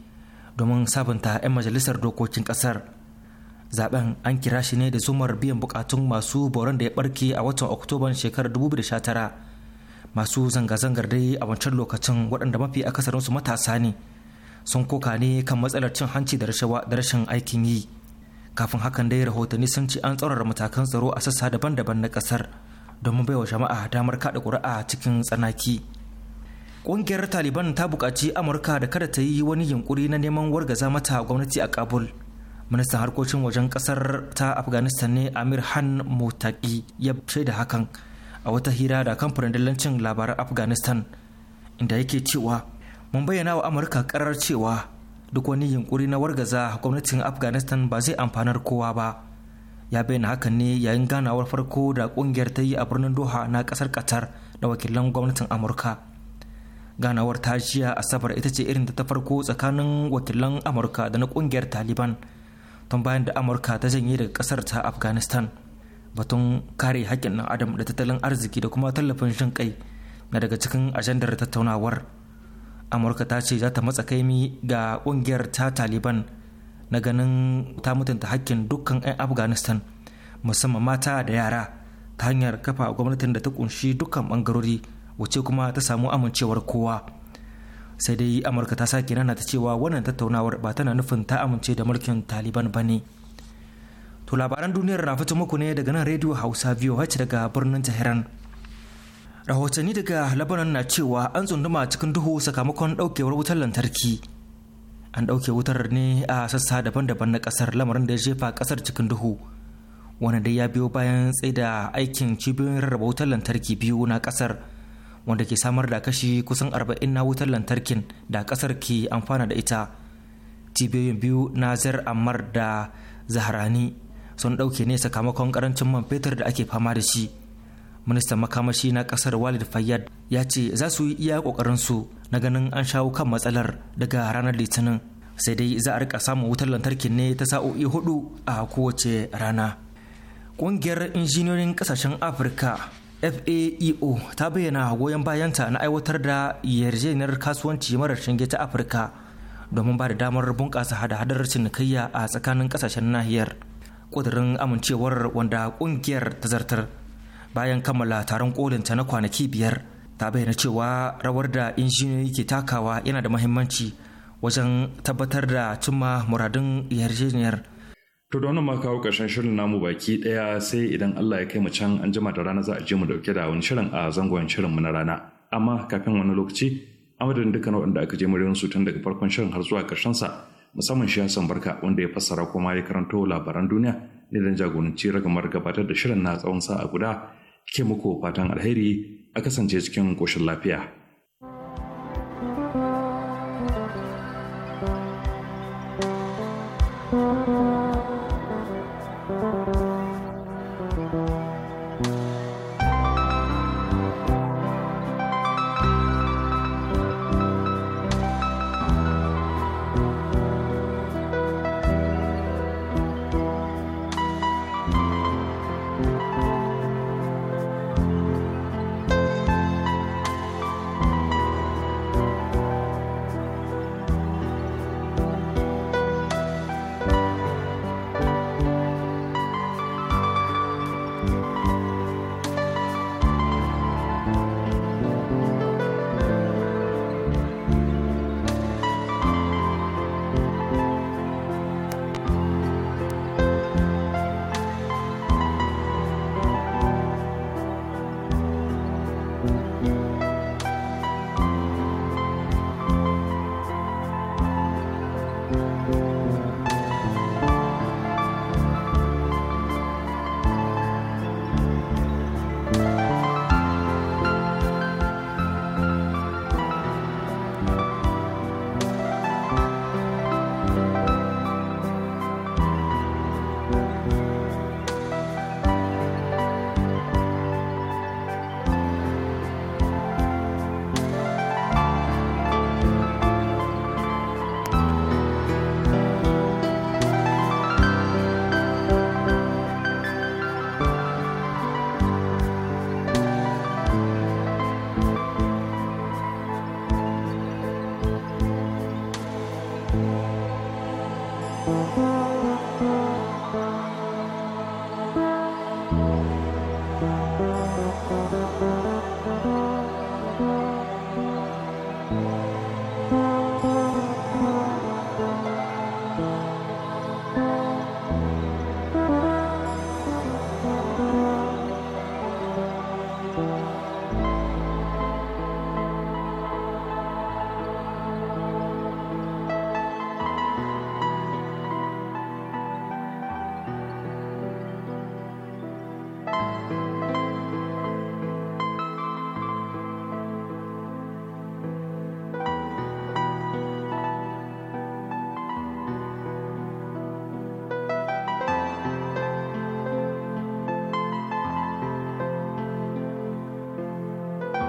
domin sabunta 'yan majalisar dokokin ƙasar zaben an kira shi ne da zumar biyan bukatun masu boron da ya barke a watan oktoban shekarar 2019 masu zanga-zangar dai a wancan lokacin waɗanda mafi akasarinsu matasa ne sun koka ne kan matsalar cin hanci da rashawa da rashin aikin yi kafin hakan dai rahotanni sun ci an tsaurara matakan tsaro a sassa daban-daban na ƙasar domin baiwa jama'a damar kaɗa ƙuri'a cikin tsanaki ƙungiyar taliban ta buƙaci amurka da kada ta yi wani yunkuri na neman wargaza mata gwamnati a kabul ministan harkokin wajen ƙasar ta afghanistan ne amir han motaki ya shaida hakan a wata hira da kamfanin dillancin labaran afghanistan inda yake cewa mun bayyana wa amurka karar cewa duk wani yunkuri na wargaza gwamnatin afghanistan ba zai amfanar kowa ba ya bayyana hakan ne yayin ganawar farko da kungiyar ta yi a birnin doha na ƙasar qatar da wakilan gwamnatin amurka ganawar ta jiya asabar ita ce irin da ta farko tsakanin wakilan amurka da na kungiyar taliban tun bayan da amurka ta janye daga kasar ta afghanistan batun kare haƙƙin ɗan adam da tattalin arziki da kuma tallafin shin kai na daga cikin ajandar tattaunawar amurka ta ce za ta matsa kaimi ga kungiyar ta taliban na ganin ta mutunta haƙƙin dukkan 'yan afghanistan musamman mata da yara ta hanyar kafa gwamnatin da ta kunshi dukkan bangarori wace kuma ta samu amincewar kowa sai dai amurka ta sake nana ta cewa wannan tattaunawar ba tana nufin ta amince da mulkin taliban ba ne to labaran duniyar na fito muku ne daga nan rediyo hausa biyu hace daga birnin tehran rahotanni daga labanan na cewa an tsunduma cikin duhu sakamakon daukewar wutar lantarki an dauke wutar ne a sassa daban-daban na kasar lamarin da ya jefa kasar cikin duhu wanda dai ya biyo bayan tsaida aikin cibiyoyin rarraba wutar lantarki biyu na kasar wanda ke samar da kashi kusan arba'in na wutar lantarkin da kasar ke amfana da ita cibiyoyin biyu na zar amar da zaharani sun ɗauke ne sakamakon karancin man fetur da ake fama da shi ministan makamashi na kasar walid fayyad ya ce za su yi iya su na ganin an shawo kan matsalar daga ranar litinin sai dai za a rika samun wutar lantarkin ne ta sa'o'i hudu a kowace rana ƙungiyar injiniyoyin ƙasashen afirka faeo ta bayyana goyon bayanta na aiwatar da yarjejeniyar kasuwanci marar shinge ta afirka domin ba da damar bunƙasa hada-hadar cinikayya a tsakanin ƙasashen nahiyar ƙudurin amincewar wanda ƙungiyar ta zartar bayan kammala taron kolinta na kwanaki biyar ta bayyana cewa rawar da injiniyoyi ke takawa yana da mahimmanci wajen tabbatar da cimma muradun yarjejeniyar To da wannan ma kawo ƙarshen shirin namu baki ɗaya sai idan Allah ya kai mu can an jima da rana za a je mu dauke da wani shirin a zangon shirin mu na rana. Amma kafin wani lokaci, amadadin dukkan waɗanda aka je muryoyin su tun daga farkon shirin har zuwa ƙarshen sa, musamman shi Hassan Barka wanda ya fassara kuma ya karanto labaran duniya ne dan jagoranci ragamar gabatar da shirin na tsawon sa'a guda. Ke muku fatan alheri a kasance cikin koshin lafiya.